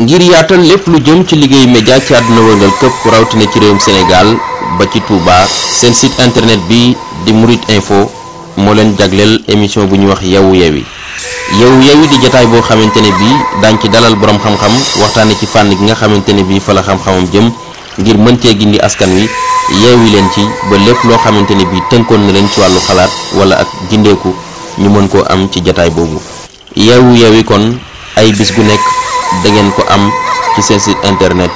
ngir yaatal lépp lu jëm ci liggéey média ci àdduna wërngal këpp rawatina ci réewum Sénégal ba ci Touba seen site internet bi di Mouride Info moo leen jagleel émission bu ñuy wax Yeewu Yewi Yeewu Yewi di jataay boo xamante ne bii daañ ci dalal boroom xam-xam waxtaane ci fànn gi nga xamante ne bii fa la xam-xamam jëm ngir mën cee gindi askan wi yeewi leen ci ba lépp loo xamante ne bii tënkoon na leen ci wàllu xalaat wala ak gindeeku ñu mën koo am ci jataay boobu Yeewu nekk da ngeen ko am ci site internet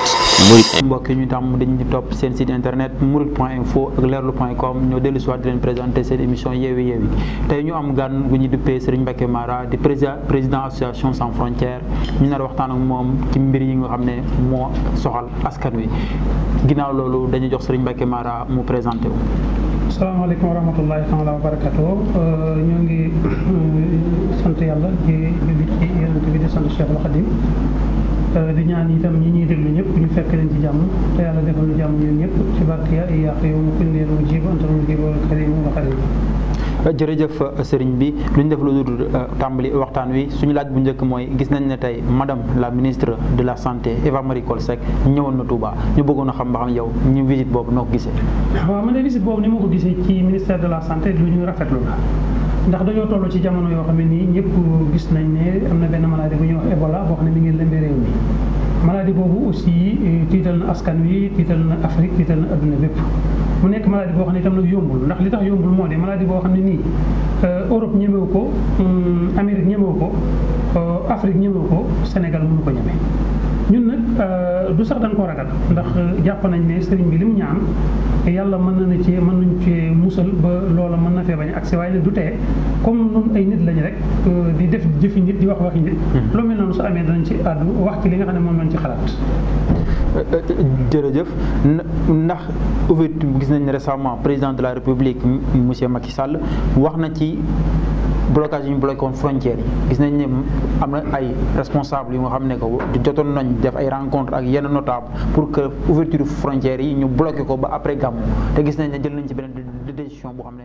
Mourides. mbokk ñu tàmm dañu seen site internet mourides point info ak leerlu point com ñoo dellu leen émission yeewi yeewi tey ñu am gan gu ñu duppee Serigne Mbacké Mara di président président association sans frontières ñu nar waxtaan ak mom ci mbir yi nga xamné mo soxal askan wi ginaaw lolu dañu jox Serigne Mbacké Mara mu présenté wu. alaykum wa rahmatullahi wa barakatuh euh, ñoo ngi euh, sante yalla di di ci yonent bi di Cheikh Khadim Euh, di ñaan itam ñi ñuy déglu ñëpp ñu fekk leen ci jàmm te yàlla defal ñu jàmm ñun ñëpp ci barke ya iyyaka yow mu kulli leen mu jiib antal mu jiib wala karim nga jërëjëf sëriñ bi lu ñu def lu dul euh, waxtaan wi suñu laaj bu njëkk mooy gis nañ ne tey madam la ministre de la santé Eva Marie Coll ñëwoon na Touba ñu bëggoon a xam ba xam yow ñu visite boobu noo ko gisee. waaw man de visite boobu ni ma ko gisee ci ministère de la santé lu ñu rafetlu la ndax dañoo toll ci jamono yoo xam ne nii ñëpp gis nañ ne am na benn maladie bu ñuy wax Ebola boo xam ne mi ngi lëmbee réew mi. maladie boobu aussi tiital na askan wi tiital na Afrique tiital na adduna bépp mu nekk maladie boo xam ne itam nag yombul ndax li tax yombul moo de maladie boo xam ne nii Europe ñemewu ko Amérique ñemewu ko Afrique ñemewu ko Sénégal mënu ko ñeme ñun nag du sax dañ ko ragal ndax jàpp nañ ne sëriñ bi li ñaan yàlla mën na ci mën nañ ci musal ba loola mën na fee bañ accès waaye nag du tee comme nun ay nit lañ rek euh, di def jëfi nit di wax waxi nit hmm. lu mel noonu su amee danañ ci àddu wax ci li nga xam ne lañ ci xalaat. ndax ouverture gis nañ récemment président de la république monsieur Macky Sall wax na ci. blocage yi ñu bloqué frontière yi gis nañ ne amna ay responsable yi nga xamné ko jotoon nañ def ay rencontre ak yenn notable pour que ouverture frontière yi ñu bloqué ko ba après gàmmu té gis nañ ne jël nañ ci beneen décision bu xamné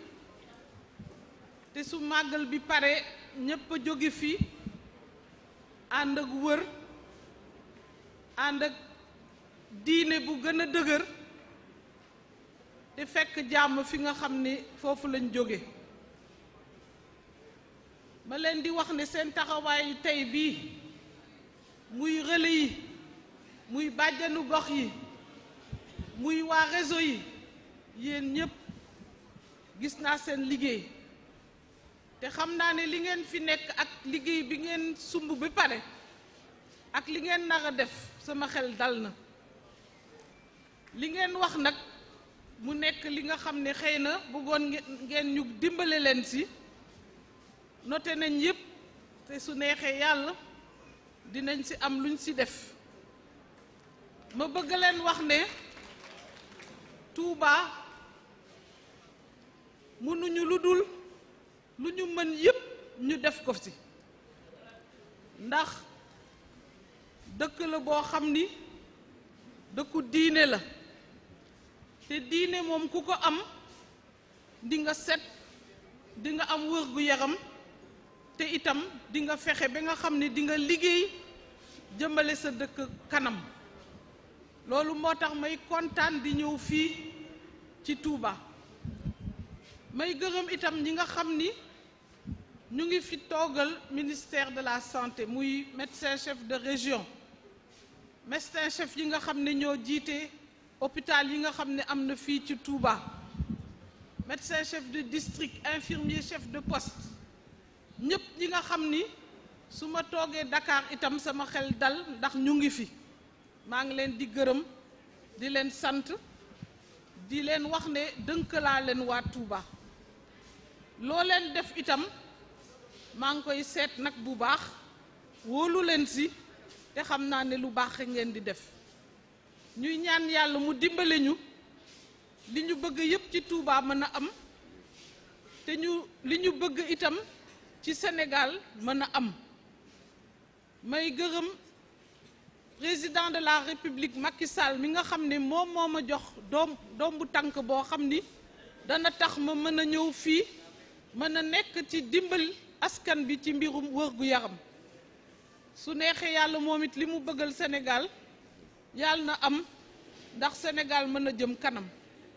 te su màggal bi pare ñépp a jóge fi ànd ak wër ànd ak diine bu gën a dëgër te fekk jàmm fi nga xam ni foofu lañ jóge ma leen di wax ne seen taxawaayu tey bii muy relais yi muy bàjjanu gox yi muy waa réseau yi yéen ñépp gis naa seen liggéey te xam naa ne li ngeen fi nekk ak liggéey bi ngeen sumb bi pare ak li ngeen nar a def sama xel dal na li ngeen wax nag mu nekk li nga xam ne xëy na bëggoon ngeen ñu dimbale leen si noté nañ yépp te su neexee yàlla dinañ si am luñ si def ma bëgg leen wax ne Touba mënuñu lu dul lu ñu mën yëpp ñu def ko ci ndax dëkk la boo xam ni dëkku diine la te diine moom ku ko am di nga set di nga am wër gu yaram te itam di nga fexe ba nga xam ni di nga liggéey jëmale sa dëkk kanam loolu moo tax may kontaan di ñëw fii ci Touba. may gërëm itam ñi ministère de la santé muy médecin chef de région médecin chef yi nga hôpital yi médecin chef de district infirmier chef de poste ñépp ñi nga xamni suma togué Dakar itam sama dal ndax ñu ngi fi ngi leen di le di leen di leen loo leen def itam maa ngi koy seet nag bu baax wóolu leen si te xam naa ne lu baax ngeen di def ñuy ñaan yàlla mu dimbale ñu li ñu bëgg yépp ci Touba mën a am te ñu li ñu bëgg itam ci Sénégal mën a am may gërëm président de la république Macky Sall mi nga xam ne moom moo ma jox doom doom tànk boo xam ni dana tax ma mën a ñëw fii mën a nekk ci dimbal askan bi ci mbirum wër gu yaram su neexee yàlla moom it li mu bëggal Sénégal yàlla na am ndax senegal mën a jëm kanam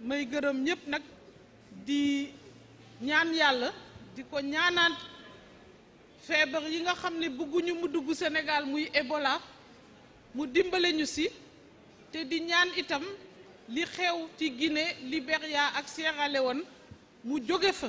may gërëm ñépp nag di ñaan yàlla di ko ñaanaat feebar yi nga xam ne bëgguñu mu dugg Sénégal muy Ebola mu dimbale ñu si te di ñaan itam li xew ci gine Libéria ak Sierra Leone mu jóge fa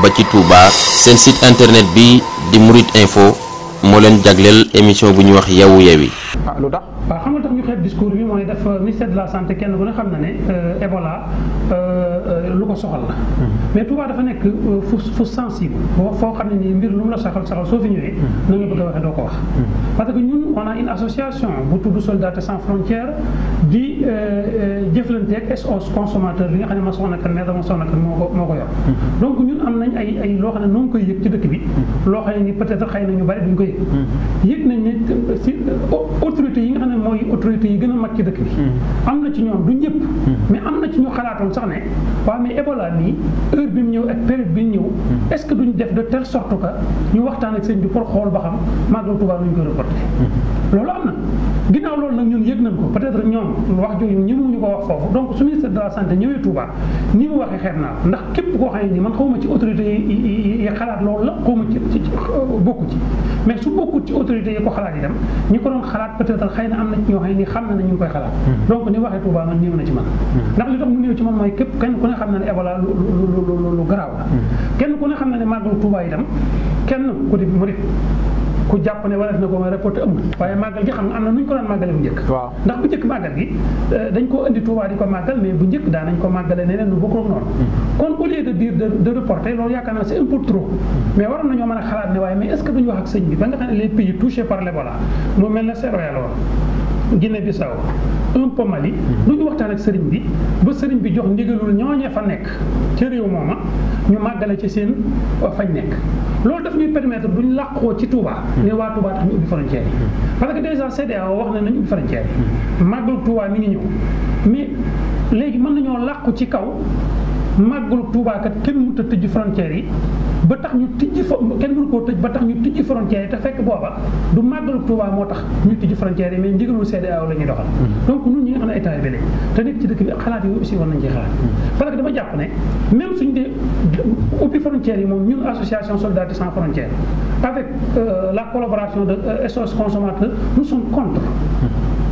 ba ci Touba site internet bi di Info Molen len émission bu ñu wax ah, waaw xam nga tax ñu xeeb discours bi mooy def ministère de la santé kenn ku ne xam na ne euh, Ebola euh, euh, lu ko soxal la. Mm-hmm. mais Touba dafa nekk fu fu sensible foo xam ne nii mbir lu mu la soxal soxal soo fi ñëwee. Mm-hmm. na nga bëgg a waxee doo ko wax. Mm-hmm. parce que ñun on a une association bu tudd Soldats sans frontières di jëflanteeg SOS consommateur bi nga xam ne ma soxna kan mais dama soxna kan moo ko moo ko yor. donc ñun am nañ ay ay loo xam ne noo ngi koy yëg ci dëkk bi. loo xam ne ni peut-être xëy na ñu bari duñ ko yëg. yëg nañ ne si autorité yi nga xam ne mooy autorité yi gën a mag ci dëkk bi. Hmm. am na ci ñoom du ñëpp. Hmm. mais am na ci ñu xalaatoon sax ne waaw mais Ebola bi heure bi mu ñëw ak période bi mu ñëw. Hmm. est ce que duñ def de tele sorte que ñu waxtaan ak sëñ bi pour xool ba xam maa màggal Tuubaa ñu koy reporté. loolu am na. ginnaaw loolu nag ñun yëg nañ ko peut être ñoom wax jooju ñëmuñu ko wax foofu donc su ministre de la santé ñëwee Touba ni mu waxee xeet naa ndax képp koo xam ne nii man xawma ci autorité yi xalaat loolu la xawma ci ci bokku ci mais su bokkut ci autorité yi ko xalaat yi dem ñi ko doon xalaat peut être xëy na am na ci ñoo xam ne nii xam na ne ñu ngi koy xalaat hmm. donc ni waxee Touba man néew na ci man hmm. ndax li tax mu néew ci man mooy képp kenn ku ne xam na ne Ebola lu lu lu garaaw la hmm. kenn ku ne xam na ne màggalu Touba itam kenn ku di murit ku jàpp ne wareef na ko mooy récolté amul waaye màggal gi xam nga am na nu ñu ko daan màggale bu njëkk ndax bu njëkk màggal gi euh, dañ koo indi Touba di ko màggal mais bu njëkk daa nañ ko màggale neneen lu bokkul noonu mm-hmm. kon au lieu de dire de reporter loolu yaakaar naa c'est un trop mais waroon nañoo mën a xalaat ne waaye mais est-ce duñu wax ak sëñ bi ba nga xam ne les pays touchés par l'Ebola mu mel ne Sierra Leone Guinée mm-hmm. ñu waxtaan ak sëriñ bi ba sëriñ bi jox ndigalul ñooñee fa nekk ca réew mooma ñu màggale ci seen fañ nekk loolu daf ñuy ci Touba ne mmh. waa Touba tax ñu ubbi frontière yi. Mmh. parce que dèjà CEDEAO wax na nañu ubbi frontière yi. Mmh. màggal mi ngi ñëw mais léegi mën nañoo làqu ci kaw. màggalu Touba kat kenn mu a tëj frontières yi ba tax ñu tijji fo kenn mënu koo tëj ba tax ñu tijji frontières yi te fekk booba du màggalu Touba moo tax ñu tijji frontières yi mais ndigalul CEDEAO la ñuy doxal. Mm-hmm. donc ñun ñi nga xam état bi lañ te nit ci dëkk bi xalaat yooyu aussi war nañ ci xalaat. Mm-hmm. parce dama jàpp ne même suñ dee ubbi frontières yi moom ñun association solidarité sans frontières avec euh, la collaboration de euh, SOS consommateurs nous sommes contre. Mm-hmm.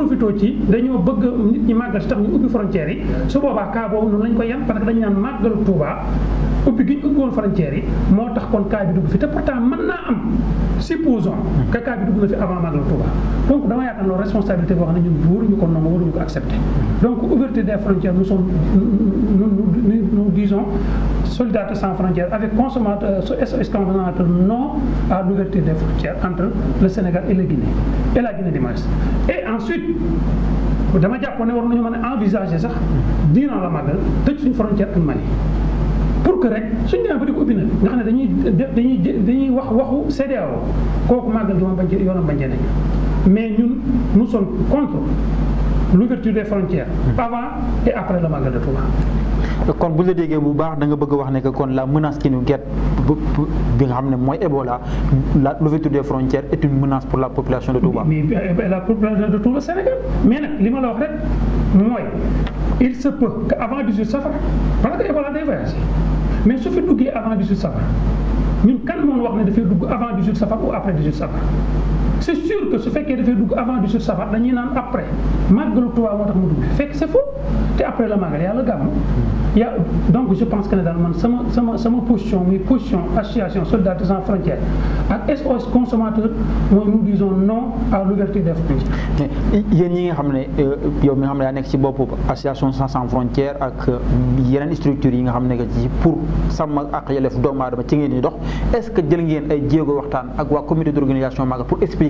profité ci dañoo bëgg nit ñi màggal si tax ñu ubbi frontières yi su boobaa cas boobu noonu lañ ko yem parce que dañu naan màggalu Touba ubbi gi ñu ubbi woon frontières yi moo tax kon cas bi dugg fi te pourtant mën naa am supposons que cas bi dugg na fi avant màggalu Touba donc dama yaakaar loolu responsabilité boo xam ne ñun buur ñu ko nangu waruñu ko accepter donc ouverture des frontières nous sommes nous, nous, nous disons soldats sans frontières avec consommateurs euh, SOS consommateurs non à l'ouverture des frontières entre le Sénégal et la Guinée et la Guinée du Mali et ensuite dama jàppoon ne war nañu mën a envisager sax diinaa la màggal tëj suñu frontière ak Mali pour que rek suñu demee ba di ko ubbi nag xam ne dañuy dañuy dañuy wax waxu CEDEAO kooku màggal gi moom bañ ci mais ñun nous sommes contre l'ouverture des frontières avant et après le Magal de Touba kon bu la déggee bu baax da nga bëgg wax ne que kon la menace qui nous guette bi nga xam ne mooy Ebola la l'ouverture des frontières est une menace pour la population de Touba. mais la population de Touba Sénégal mais nag li ma il se peut qu'avant 18 safar parce que Ebola day voyagé mais su fi duggee avant 18 safar nous, kan moon wax ne dafay dugg avant 18 safar ou après 18 safar. C'est sûr que y fekkee dafay dugg avant se Safar a un après malgré tout moo tax mu fait fekk c'est faux C'est après la y le le donc je pense que dans daal sama sama position mes position association soldats sans frontières ak SOS consommateur ou nous disons non à l'ouverture des frontières. Il y a xam ne euh, yow mi a xam ne yaa nekk ci association sans frontières ak euh, yeneen structures yi nga xam que ci pour ça ak yelleef doomu aadama ci ngeen di dox est ce que jël et ay jéego waxtaan ak quoi comité d'organisation organisation pour expliquer.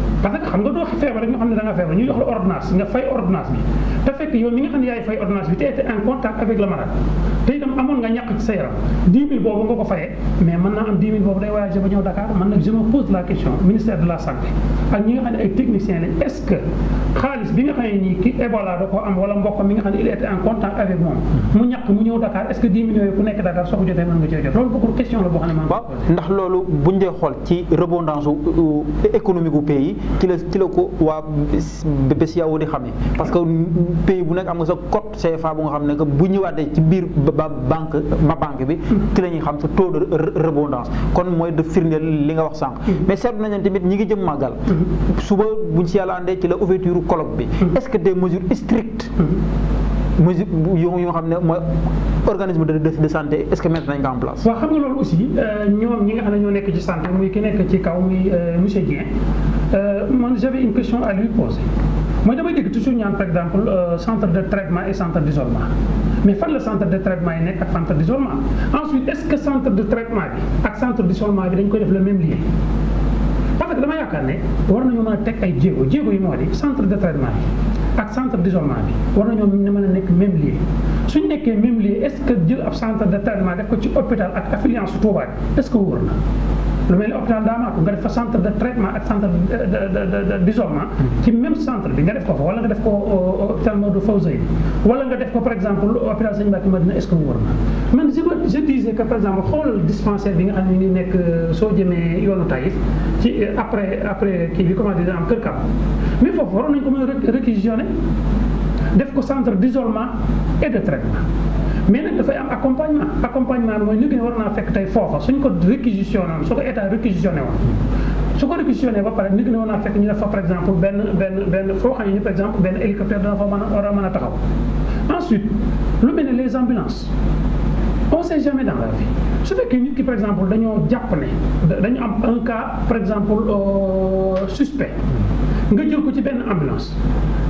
parce que xam nga doo feebar rek ñu xam ne da nga feebar ñu jox la ordonnance nga fay ordonnance bi te fekk yow mi nga xam ne yaay fay ordonnance bi te été en contact avec la malade te itam amoon nga ñàkk ci sa yaram 10 000 boobu nga ko fayee mais mën naa am 10 000 boobu day voyagé ba ñëw Dakar man nag je me pose la question ministère de la santé ak ñi nga xam ne ay techniciens lañ est ce que xaalis bi nga xam ne nii ki Ebola da ko am wala mbokk mi nga xam ne il était en contact avec moom mu ñàkk mu ñëw Dakar est ce que 10 millions yi ku nekk Dakar soo ko jotee mën nga cee jot loolu bokkul question la boo xam ne man waaw ndax loolu buñ dee xool ci rebondance économique bu pays ci la ci la ko waa BCEAO di xamee parce que pays bu nekk am nga sa code CFA bu nga xam ne que bu ñëwaatee ci biir ba banque ma banque bi ci la ñuy xam sa taux de rebondance kon mooy de firndeel li nga wax sànq mais na nañ tamit ñi ngi jëm màggal suba buñ si yàlla àndee ci la ouverture colloque bi est-ce que des mesures strictes mesure yoo yoo xam ne mooy organisme de de santé est-ce que mettre nañ ko en place. waaw xam nga loolu aussi euh, ñoom ñi nga xam ne ñoo nekk ci santé muy ki nekk ci kaw muy euh, monsieur euh, man j'avais une question à lui poser mooy damay dégg toujours ñaan par exemple centre de traitement et centre d'isolement mais fan la centre de traitement yi nekk ak centre d'isolement ensuite est-ce que centre de traitement bi ak centre d'isolement bi dañ koy def le même lien. dama yaakaar ne war nañu mën a teg ay jéego jéego yi moo di centre de traitement bi ak centre d' isolement bi war nañoo mën a nekk même lieu suñ nekkee même lieu est de traitement def ko ci hôpital ak affiliance Touba est ce que wóor na lu mel centre bi nga def ko fa wala nga def ko euh, euh, hôpital Modou Fawzeyni wala nga def ko par exemple hôpital Sëñ Mbacke Madina est ce exemple xoolal bi nga xam ne ni nekk euh, soo jëmee yoonu Taïf ci après après qui bi comment dire am kër kam mais faut voir nañu ko mën réquisitionner def ko centre d'isolement et de traitement mais il faut am accompagnement accompagnement bi mooy liggéey war fort. C'est une foofa suñ ko réquisitionné woon su ko état réquisitionné woon su ko réquisitionné ba pare nit ñi war ñu par exemple ben, ben, ben, foo par exemple ben, hélicoptère de fa mën war ensuite lu mel les ambulances on ne sait jamais dans la vie Ce fait que nous, par exemple un cas par exemple euh, suspect nous avons ko ambulance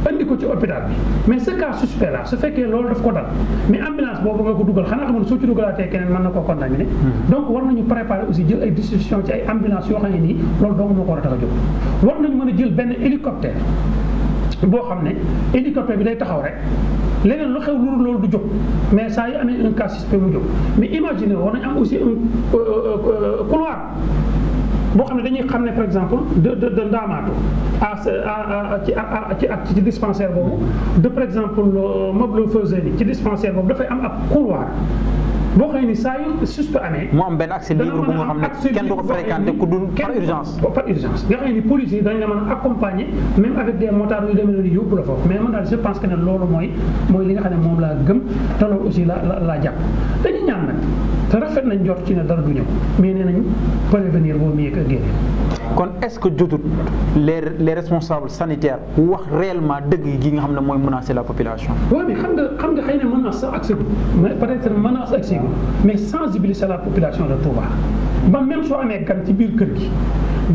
andi ko hôpital mais ce cas suspect là ce fait que l'ordre ko mais ambulance bon, nga ko donc war nañu aussi jël ay distribution ci ay nous hélicoptère boo xam ne hélicoptère bi day taxaw rek leneen lu xew lu loolu du jóg mais saa yu amee un cas suspect mu jóg mais imaginer war nañ am aussi un euh, euh, euh, couloir boo xam ne dañuy xam ne par exemple de de de Ndamatou à ci ci ak ci dispensaire boobu de par exemple Mablo Feuzeuli ci dispensaire boobu dafay am ab couloir. boo xëy ni saa yu suste amee. mu am benn accès libre bu nga xam ne ko fréquenté par urgence. nga xëy ni police yi dañ a accompagner même avec man daal je pense que ne loolu mooy mooy li nga la jàpp dañuy ñaan nag te rafet nañ jot ci ne dara du ñëw mais nee nañu prévenir vaut mieux que guérir. kon est-ce que jotut les les responsables sanitaires wax réellement dëgg gi nga xam ne mooy menacer la population. waaw mais xam nga xam nga xëy na menace sax accès mais peut-être menace accès mais sensibiliser la population de Touba même si un gan ci biir kër gi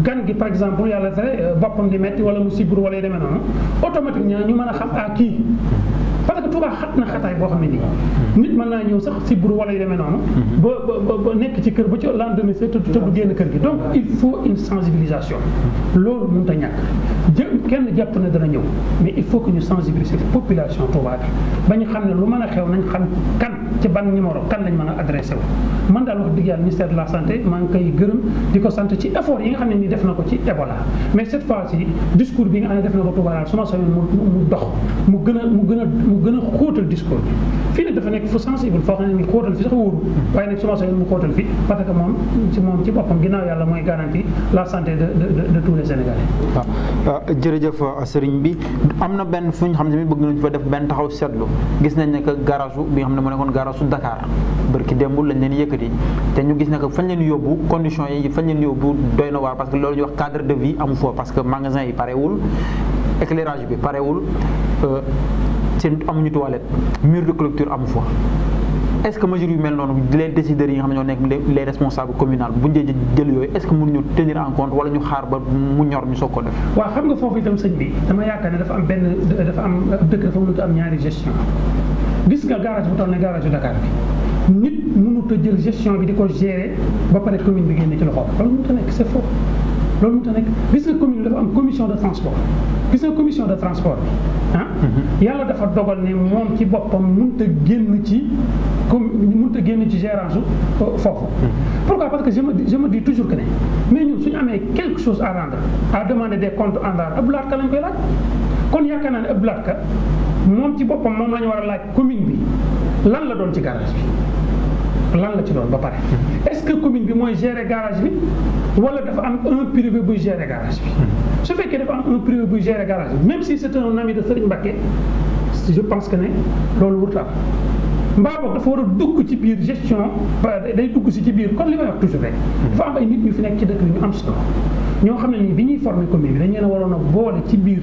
gan gi par exemple yalla yàlla tere euh, di metti wala mu sibbiru wala yu demee automatiquement ñu mëna xam ah kii parce que Touba xat na xataay bo xamni nit mën naa ñëw sax sibbiru wala yu demee noonu mhm. ba ba nekk ci kër ba ci lendemain c'est tëdd tëdd génn kër gi donc il faut une sensibilisation loolu mënut a ñàkk kenn japp na dana ñëw mais il faut que ñu sensibiliser population Touba bi ba ñu xam lu mëna xew nañ xam kan ci ban numéro kan lañ mëna adresser man dal wax dëgg ministère de la santé maa ngi koy gërëm di ko ci effort yi nga xam ni def na ko ci Ebola mais cette fois-ci discours bi nga xam ne def na ko Touba daal su ma soobee mu dox mu gën a mu gën a mu gën a xóotal discours bi fii nag dafa nekk fu sensible foo xam ne nii xóotal fi parce que moom ci moom ci boppam ginnaaw yàlla mooy garantie la santé de de de tous ah, ah, jërëjëf ah, sëriñ bi am na benn fu ñu xam ne bëgg nañu fa def benn taxaw seetlu gis nañ ne que garage bi nga xam ne mu nekkoon garage su Dakar barki démb lañ leen yëkkati te ñu gis ne que parce que loolu ñu wax cadre de vie amu fa parce que magasin yi parewul éclairage bi parewul euh, seen amuñu toilette mur de clôture amu fa est-ce que mesures yu mel noonu les décideurs yi nga xam ne ñoo nekk les responsables communaux bu njëj jël yooyu est-ce que mënuñu tenir en compte wala ñu xaar ba mu ñor ñu soog ko def. waaw xam nga foofu itam bi dama yaakaar ne dafa am benn dafa am dëkk dafa mënut am ñaari gestion gis nga garage bu toll ne garage Dakar bi nit mënut a jël gestion bi di ko gérer ba pare commune bi génne ci loxo loolu mënut a nekk c'est faux. loolu tax nag gis nga commune dafa am commission de transport gis nga commission de transport bi ah. Mhm. yàlla dafa dogal ne moom ci boppam mënut a génn ci comme mënut a génn ci gérance euh, foofu. Mhm. pourquoi parce que je me je me dis toujours que ne mais ñun suñu amee quelque chose à rendre à demander des comptes en dollars Abdou Lahad Ka lañ koy laaj kon yaakaar naa ne Abdou Lahad Ka moom ci boppam moom la ñu war a laaj commune bi lan la doon ci garage bi lan la ci non ba pare. est-ce que commune bi moy gérer garage bi wala dafa am un privé bu gérer garage bi. su fekké dafa am un privé bu gérer garage même si c'est un ami de Serigne Mbacké je pense que né loolu wut mbaba dafa wara dugg ci biir gestion day dugg ci ci biir kon limay wax toujours rek. dafa am ay nit ñu fi nekk ci dëkk bi ñu am solo ñoo xam ne nii bi ñuy former commune bi dañu leen a waroon a boole ci biir.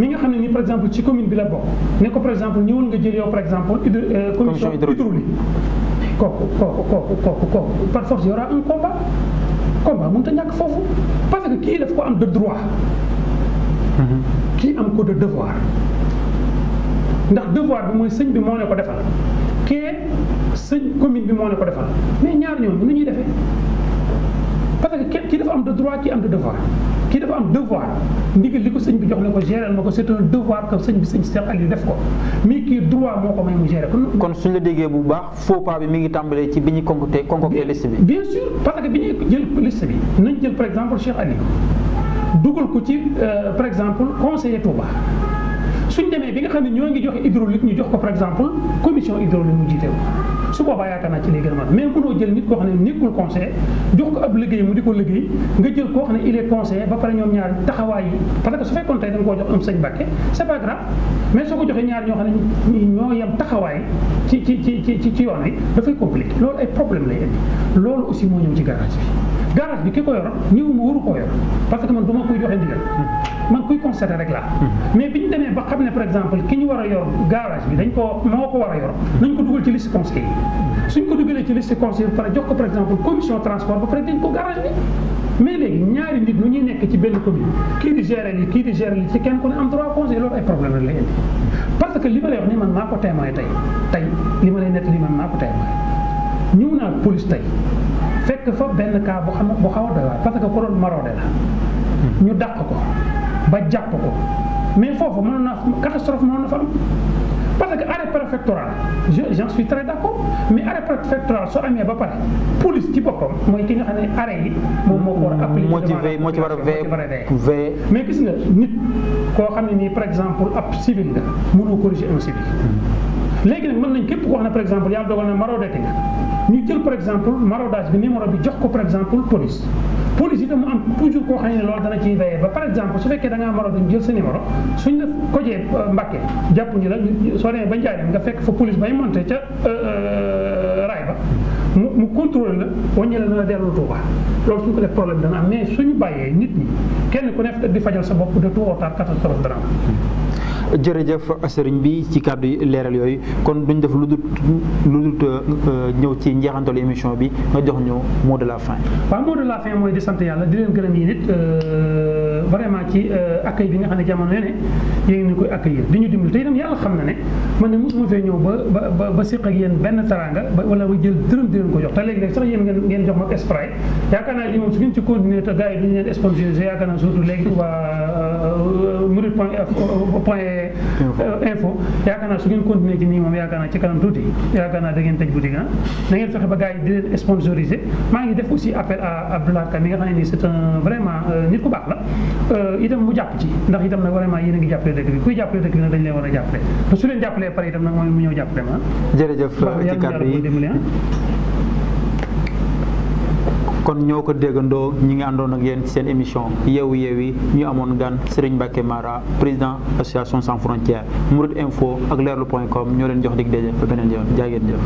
mi nga xam ne ni par exemple ci commune bi la bokk ne ko par exemple ñëwal nga jël yow par exemple. Euh, commission hydraulique kooku kooku kooku kooku kooku par force y aura un combat combat mënut ñàkk foofu parce que kii daf ko am de droit. kii am ko de devoir. ndax devoir bi mooy sëñ bi moo ne ko defal kee sëñ commune bi moo ne ko defal mais ñaar ñoom nu ñuy defee. parce que kii dafa am de droit kii am de devoir ki dafa am devoir ndigal liko ko bi jox lako ko mako c'est un devoir que sëñ bi sëñ Cheikh ali def ko mi ki droit moko may mu gérer ko. kon suñ la déggee bu baax faux pas bi mi ngi tambalé ci biñu ñu concocté concocté liste bi. bien sûr parce que bi jël liste bi nañ jël par exemple Cheikh ali dugul ko ci euh, par exemple conseiller Touba. suñ demee bi nga xamni ne ñoo ngi joxe hydraulique ñu jox ko par exemple commission hydraulique mu jiite wu su boobaa yaakaar naa ci lay gën a mën mais ko noo jël nit koo xam ne nekkul conseiller jox ko ab liggéey mu di ko liggéey nga jël koo xam ne il est conseiller ba pare ñoom ñaar taxawaay yi parce que su fekkoon tey nga koo jox am sëñ Mbàkke c'est pas grave mais soo ko joxee ñaar ñoo xam ne ñoo yem taxawaay ci ci ci ci ci yoon wi dafay compliqué loolu ay problème lay indi loolu aussi moo ñëw ci garage bi garage bi ki ko yor ñëw ma waru koo yor parce que man du ma koy joxe ndigal man kuy constaté rek mais bi ñu demee ba xam ne par exemple ki ñu war a yor garage bi dañ ko moo ko war a yor nañ ko dugal ci liste conseil suñ ko dugalee ci liste conseil ba pare jox ko par exemple commission transport ba pare dañ ko garage bi mais léegi ñaari nit ñu ñuy nekk ci benn commune kii di gérer li kii di gérer li ci kenn ko ne am trois conseil loolu ay e la lay que li ma lay wax ni man maa ko témoin tey li ma lay nett li man maa ko ñëw naa police tey fekk fa benn ka bu xam bu xaw a doy waar parce que ko doon ñu dàq ko ba jàpp ko mais foofu mënoon na catastrophe mënoon na fa am parce que arrêt préfectoral je j'en suis très d'accord mais arrêt préfectoral soo amee ba pare police ci boppam mooy ki nga xam ne arrêt moom moo ko a appliqué moo ci veille moo ci war a veille mais gis nga nit koo xam ne par exemple ab civil nga mënoo corriger un léegi mën nañ képp koo xam ne par exemple yàlla dogal na jël par exemple maraudage bi numéro bi jox ko par exemple police police itam mu am toujours koo xam ne loolu dana ciy ba par exemple su fekkee da ngaa maraude ñu jël sa numéro la kojee euh, mbàkke jàpp ñu la soo demee ba Ndiarème nga fekk fa police bay monté ca euh, euh, raay ba mu mu contrôlé la wàññi la na dellu Touba loolu suñ ko def problème dana suñu bàyyee nit ñi kenn ku nekk di fajal sa bopp de tout retard catastrophe dana am. jërëjëf sëriñ bi ci kàddu leeral yooyu kon duñ def lu dul lu euh, ñëw ci njeexantalu émission bi nga jox ñëw mot de la fin. waaw mot la fin mooy di sant yàlla di leen gërëm yi nit euh, vraiment ci euh, accueil bi nga xam ne jamono yene yéen ñu koy accueillir di ñu dimbali te itam yàlla xam na ne man ne mosuma fee ñëw ba ba ba leen ko jox te léegi nag sax yéen ngeen ngeen jox ma Sprite yaakaar naa li moom su ngeen ci continuer euh, euh, euh, ngeen continuer ci nii moom yaa naa ci kanam tuuti yaakaar naa da ngeen tëj boutique ah da ngeen fexe ba gaa yi di leen sponsorisé maa ngi def aussi appel à Abdoulaye Ka mi nga xam ne nii c'est un vraiment nit ku baax la itam mu jàpp ci ndax itam nag na yéen a ngi jàppale dëkk bi kuy jàppale dëkk bi nag dañu leen war a jàppale te su leen jàppalee pare itam nag mooy mu ñëw jàppale ma ah. jërëjëf ci kàddu kon ñoo ko déggandoo ñi ngi àndoon ak yéen seen émission yeewu yeewi ñu amoon gan Serigne Mbacké Mara président association sans frontières Mourides info ak leerlu point com ñoo leen jox dig daje ba beneen yoon jaa ngeen